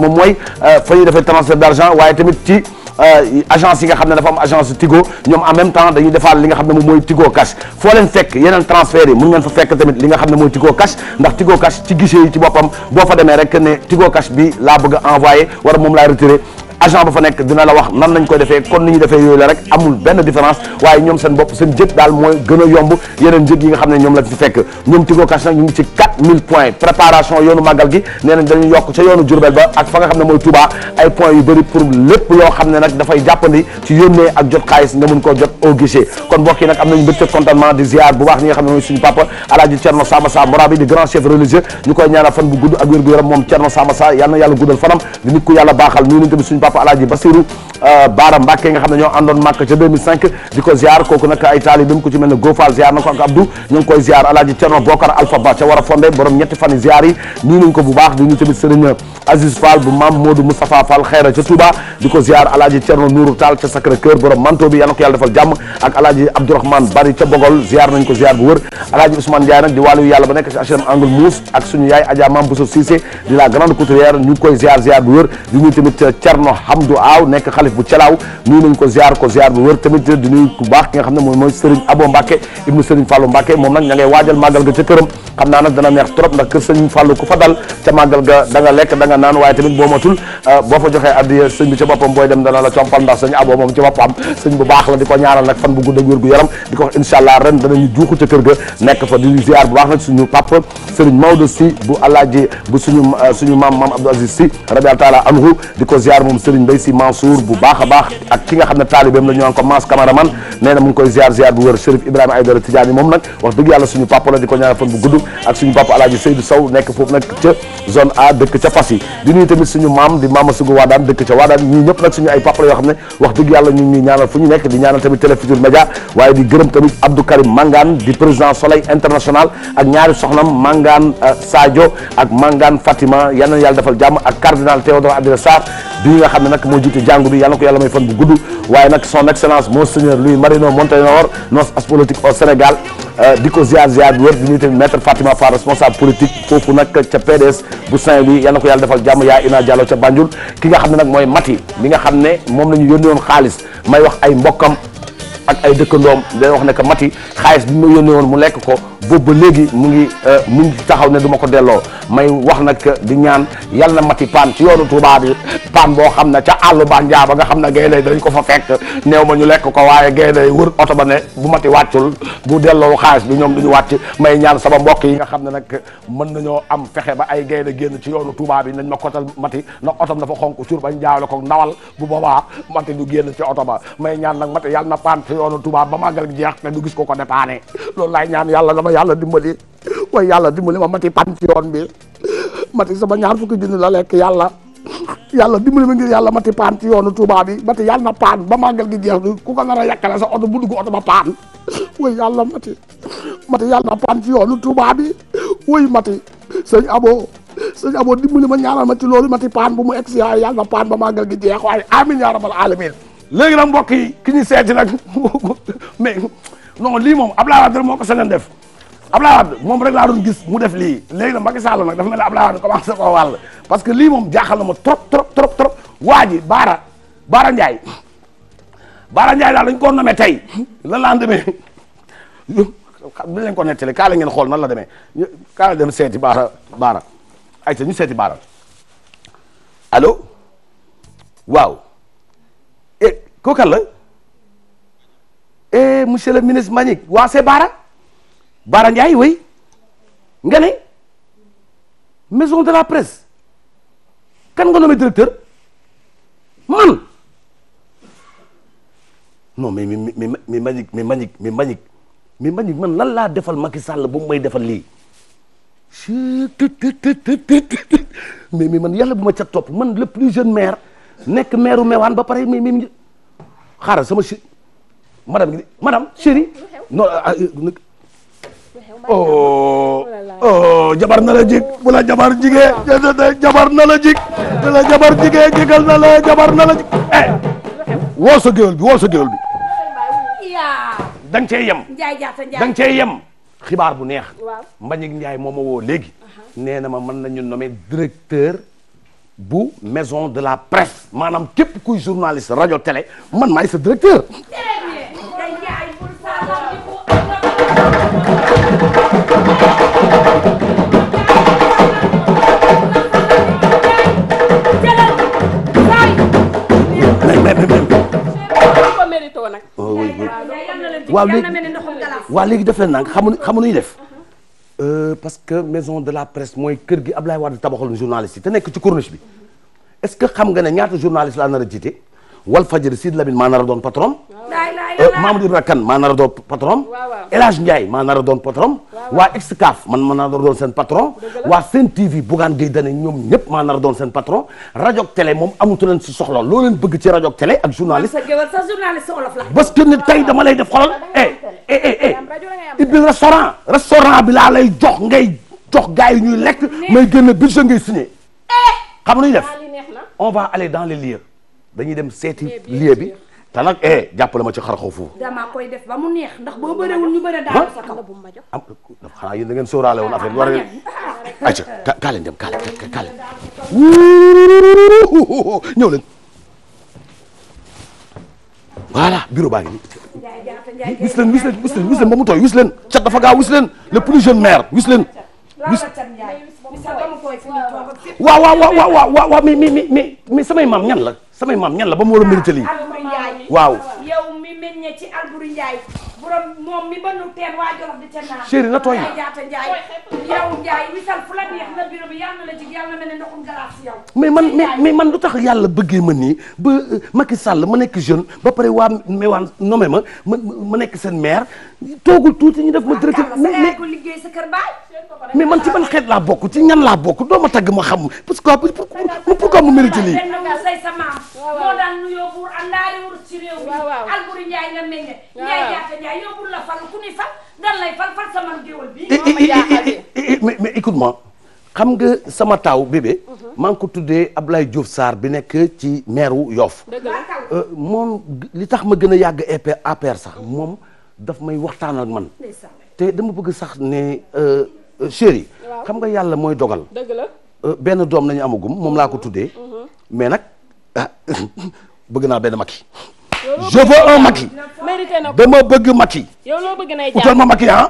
moom mooy euh, fa ñuy defee transfert d'argent waaye tamit ci euh, agence yi nga xam ne dafa am agence Tigo ñoom en même temps dañuy defaat li nga xam ne moom mooy Tigo Cash foo leen fekk yeneen transfert yi mun ngeen fa fekk tamit li nga xam ne mooy Tigo Cash ndax Tigo Cash ci guichet yi ci boppam boo fa demee rek ne Tigo Cash bi laa bëgg a envoyé wala moom laay retiré agent ba fa nekk dina la wax nan lañ koy defee kon ni ñu defee yooyu la rek amul benn différence waaye ñoom seen bopp seen jëg daal mooy gën a yomb yeneen jëg yi xam ne ñoom la fi fekk ñoom Tigo Cash nag ñu ngi ci 4000 points yoonu màggal gi nee nañ dañu yokk ca yoonu Jurbel ba ak fa nga xam ne mooy Touba ay points yu bëri pour lépp loo xam ne nag dafay jàppandi ci yónnee ak jot xaalis nga mun koo jot au kon mbokk yi nag am nañu mbégte contentement di Sa Morabi di grand chef religieux ñu papa alaaji Basiru euh, Baara Mbàkke nga xam ko ziar kooku nag ay taalibam ku ci mel ne Gofal ziar na ko ak Abdou ñu ngi koy ziar Cerno Bokar Alpha Ba a fondé borom ñetti fan yi ziar yi ko bu di ñu tamit Serigne Aziz Fall bu maam Modou Moustapha Fall xayra ca di ko ziar Cerno Nourou Tall ca Sacré borom manto bi yana ko yàlla defal jàmm ak alaaji Abdourahmane Bari ca Bogol ziar nañ ko ziar bu wër alaaji Ousmane Ndiaye nag di di la grande couturière ñu ngi koy ziar xam Hamdou Aw nekk xalif bu Thialaw nuyu nañ ko ziar ko ziar bu wër tamit di nuyu ku baax xam ne moom mooy Serigne Abo Mbacke ibnu Serigne Fallou Mbacke moom nag ña ngay waajal màggal ga ca xam naa nag dana neex trop ndax kër Serigne Fallou ku fa dal ca màggal ga nga lekk da nga naan waaye tamit boo matul euh, boo fa joxee addiya sëñ bi ca boppam booy dem dana la ndax sëñ Abo moom ci boppam sëñ bu baax la di ko ñaanal nag fan bu gudd ak wér gu ko wax incha allah ren danañu juuxu ca kër ga nekk fa bu baax nag suñu papa Serigne si bu alaaji euh, maam maam Abdou Aziz si taala anhu di ko ziar moom Serigne Mbaye Sy Mansour bu baax a baax ak ki nga xam ne taalibeem la ñu naan ko Mass Camaraman nee na mu ngi koy ziar ziar bu wër Chérif Ibrahima Aïdara Tidiane moom nag wax dëgg yàlla suñu papa la di ko ñaanal fan bu gudd ak suñu papa Alaaji Seydou Sow nekk foofu nag ca zone A dëkk ca Passy di nuyu tamit suñu maam di maama sugu waadaan dëkk ca waadaan ñii ñëpp nag suñu ay papa la yoo xam ne wax dëgg yàlla ñu ñuy ñaanal fu ñu nekk di ñaanal tamit Télé Futurs Médias waaye di gërëm tamit Abdou Karim Mangane di président Soleil International ak ñaari soxnam Mangane euh, Sadio ak Mangane Fatima yal na yàlla defal jàmm ak cardinal Théodore Adrien Sarr bi nga xam xam ne nag moo jiite jàngu bi yàlla na ko yàlla may fan bu gudd waaye nag son excellence monseigneur Louis Marino Montenegro nos as politique au Sénégal euh, di ko ziar ziar bu wér di nuyu tamit maître Fatima Fall responsable politique foofu nag ca PDS bu Saint-Louis yàlla na ko yàlla defal jàmm yaa Ina Diallo ca Banjul ki nga xam ne nag mooy Mati mi nga xam ne moom la ñu yónni woon xaalis may wax ay mbokkam ak ay dëkkandoom dañ wax ne que Mati xaalis bi ma yónnee woon mu lekk ko boobu ba léegi mu ngi euh, mu ngi taxaw ne duma ko delloo may wax nag di ñaan yàlla na Mati paan ci yoonu Touba bi paan boo xam na ca àll ba njaa ba nga xam ne gaynde dañ ko fa fekk néew ma ñu lekk ko waaye gaynde wër oto ba ne bu Mati wàccul bu delloo xaalis bi ñoom du wàcc may ñaan sama mbokk yi nga xam ne nag mën nañoo am fexe ba ay gaynde génn ci yoonu Touba bi nañ ma kotal Mati ndax otom dafa xonk cuur bañ jaawle ko nawal bu boobaa Mati du génn ci oto ba yoonu Touba ba màggal gi jeex te du gis ko ko dépanné loolu laay ñaan yàlla dama yàlla dimbali waaye yàlla dimbali ma mati pan ci yoon bi mati sama ñaar fukki junni la lekk yàlla yàlla dimbali ma ngir yàlla mati paan ci yoonu Touba bi mati yàlla na paan ba màggal gi jeex du ku a yàkkale sa oto bu dugg oto yàlla ma mati yàlla na paan ci yoonu Touba bi way mati sëñ abo sëñ abo dimbali ma ñaanal ma ci loolu mati paan bu mu egsi yàlla na paan ba màggal gi jeex waaye amin yaa rabal alamin léegi nag mbokk yi ki ñu seeti nag mais non lii moom Abdoulaye Wade moo ko sañoon def Abdoulaye Wade moom rek laa doon gis mu def lii léegi nag Macky Sall nag dafa mel ne Abdoulaye Wade commencé koo wàll parce que lii moom jaaxal na ma trop trop trop trop waa ji Baara Baara Ndiaye Baara Ndiaye daal dañ koo nommé tey lan laa demee bi ko nettali kaa la ngeen xool nan la demee dem seeti Baara Baara ayca ñu seeti Baara allo kooku la eh monsieur le ministre Mbagnick waa c'est Bara Bara Ndiaye wéy nga ne de la presse kan nga nommé directeur man non mais mais mais mais Mbagnick mais Mbagnick mais Mbagnick mais Mbagnick man lan laa defal Macky Sall ba mu may defal lii mais mais man yàlla bu ma ca topp man le plus jeune maire nekk maire u Mewane ba pare mais xaaral sama si madame gi madame chérie non ah, ah, oh oh, oh jabar na la jig bu oh. la jabar jigee oh. jabar na la bu la jabar jigee jigal na jabar na la eh woo sa géwél bi woo sa géwél bi dang cee yem dang cee yem xibaar bu neex Mbagnick Ndiaye moom ma woo léegi nee na ma mën ñun nommer directeur bu maison de la presse maanaam képp kuy journaliste rajo télé man maay sa directeur. Oh, waaw léegi waaw léegi def leen nag xamu xamu nuy def. Euh, parce que maison de la presse mooy kër gi Ablaye Wade tabaxal journaliste yi te nekk ci corniche bi est-ce que xam nga ne ñaata journaliste laa nar a jiite wal fajiri Sidi Lamine maa doon patron eh, Mamadou Ibra Kane maa nar a doon patron El Hadj Ndiaye a doon patron waa Excaf man maa nar a seen patron waa Sen TV Bougane Gueye Dany ñoom ñëpp maa nar doon seen patron rajo télé moom amatu leen si soxla loo leen bëgg ci rajo télé ak journaliste parce que ne tey dama lay def xolal eh, eh eh, eh. jox ngay jox gars yi ñuy lekk may génn budget ngay signé xam nga ñuy def on va aller dans les liir dañuy dem seeti eh, lieu bi te nag la eh, jàppale ma ci xar xaw foofu. damaa koy def ba mu neex ñu bëre daal sa kaw. am xanaa yéen da ngeen sóoraale woon affaire bi war a. ayca ka kaa leen dem kaa leen kaa leen ñëw leen voilà bureau baa ngi ba mu tooy wis leen cat dafa gaaw le plus jeune maire wis leen. wis waaw waaw mi mi mi samay maam ñan la. samay maam ñan la ba mu war a mérité lii waaw yow mi meññee ci Alboury Ndiaye borom moom mi ba nu teen waa man mais mais man lu tax yàlla bëggee ma nii ba euh, Macky Sall ma nekk jeune ba pare waa Mewane nommé ma ma ma nekk seen maire toogul tuuti ñu def ma directeur. mais mais ko liggéey sa kër mais man ci ban xeet laa bokk ci ñan laa bokk doo ma tagg ma xam parce que pourquoi mu mérite lii. moo daan nuyoo buur àndaale wurus ci kay eh, eh, eh, xam nga sama taaw bébé mhm. maa ngi ko tuddee Ablaye Diouf saar bi nekk ci meeru Yoff euh, moom li tax ma gën a yàgg APR sax mhm. moom daf may waxtaan ak man te dama bëgg sax ne euh, euh, chéri xam nga yàlla mooy dogal benn doom nañu amagum moom laa ko tuddee mhm. mais nag ah, bëgg naa benn makki je veux un dama bëgg Macky utal ma Macky ah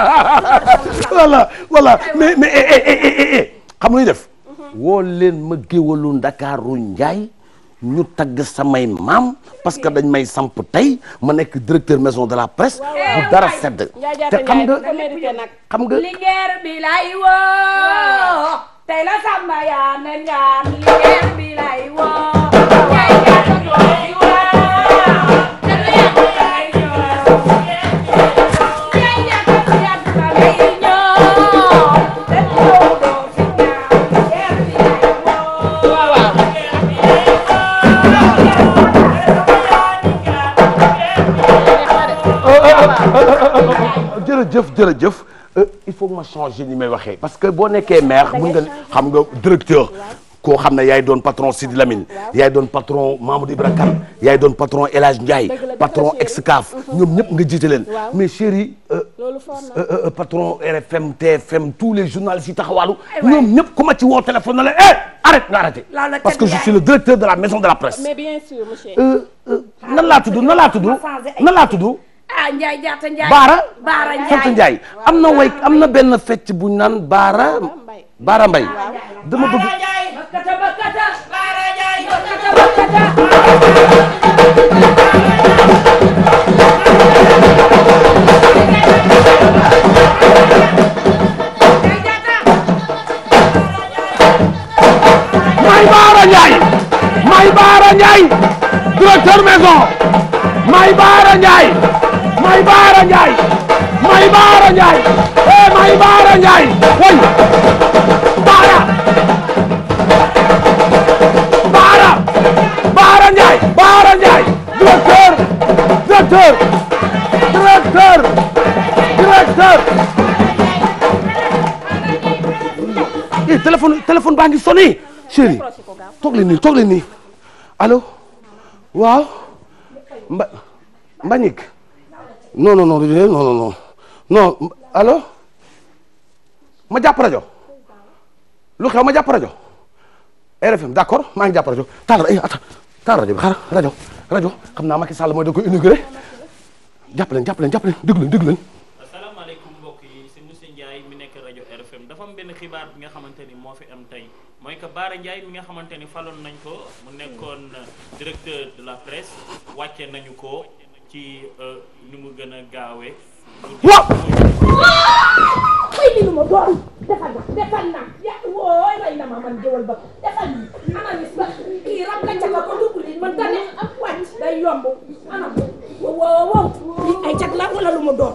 voilà voilà mais mais eh, eh, eh, eh xam nga def mhm. woo leen ma géwalu Ndakaaru Njaay ñu tagg samay maam parce que dañ may samp tey ma nekk directeur maison de la presse bu dara sedd te xam nga xam nga lingeer bi lay woo jërëjëf jërëjëf euh, il faut ma changer ni may waxee parce que boo nekkee maire mën nga xam nga directeur koo xam ne yaay doon patron Sidi Lamine yaay doon patron Mamadou Ibra yaay doon patron El Hadj Ndiaye patron Excaf mhm. ñoom ñëpp nga jiite leen mais chéri euh, euh, patron RFM TFM tous les journalistes yi taxawaalu eh ñoom ñëpp ku ma ci woo téléphone na la eh arrête nga arrêté parce que je suis le directeur de la maison de la presse mais bien sûr monsieur nan laa tudd nan laa tudd ah Ndiaye jaata Ndiaye. Baara Baara Ndiaye sant Ndiaye am na way am na benn fecc bu ñu naan dama bëgg. may Baara Ndiaye may Baara Ndiaye may Baara Ndiaye. may baara njaay may baara njaay eh may baara njaay njaay baara njaay directeur directeur directeur directeur eh téléphone téléphone baa ngi sonné chéri toog waaw mba Mbagnick non non non non non ma jàpp rajo lu xew ma jàpp rajo RFM d'accord maa ngi jàpp rajo taal ay eh, at taal rajo bi xaaral rajo rajo xam naa Macky Sall mooy da koy inauguré jàpp leen jàpp leen jàpp leen déglu leen déglu leen. asalaamaaleykum mbokk yi si monsieur Ndiaye mi nekk rajo RFM dafa am benn xibaar bi nga xamante ni moo fi am tey mooy que Baara Ndiaye mi nga xamante ni faloon nañ ko mu nekkoon directeur de la presse wàcce nañu ko. ci euh, nu mu gën a gaawee. waaw. may li ma doon defal na defal na yaa wooy may na ma man jëwal ba defal na analyse ba kii rab la ca ko dugg li man tane ak wàcc day yomb anam wow wow ay cat la wala lu mu doon.